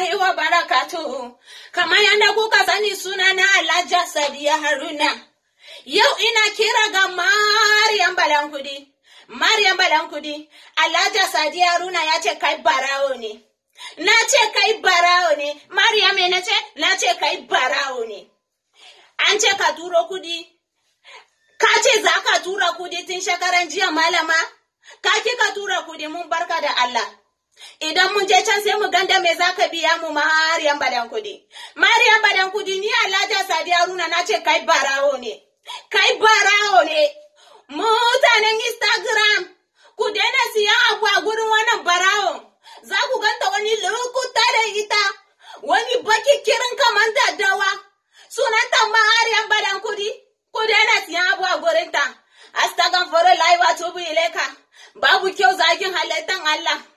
warahmatullahi wa barakatuhu kamar yadda kuka sani suna na alhaji sadiya haruna yau ina kira ga maryam balankudi maryam balankudi alhaji sadiya haruna ya ce kai barawo ne na ce kai barawo ne maryam ne ce na ce kai barawo ne an ce ka turo kudi ka ce za ka tura kudi tun shekaran jiya malama ka kika tura kudi mun barka da allah idan mun je can sai mu ganda me za ka biya mu mariyan badan kudi mariyan badan kudi ni alhaji sadi haruna na ce kai barawo ne kai barawo ne mutanen instagram ku daina siyan abu a gurin wannan barawo za ku ganta wani lokuta da ita wani baki kirin kamar daddawa sunanta mahariyan badan kudi ku daina siyan abu a gurinta astagan foro laiwa tubu ileka babu kyau zagin halittan allah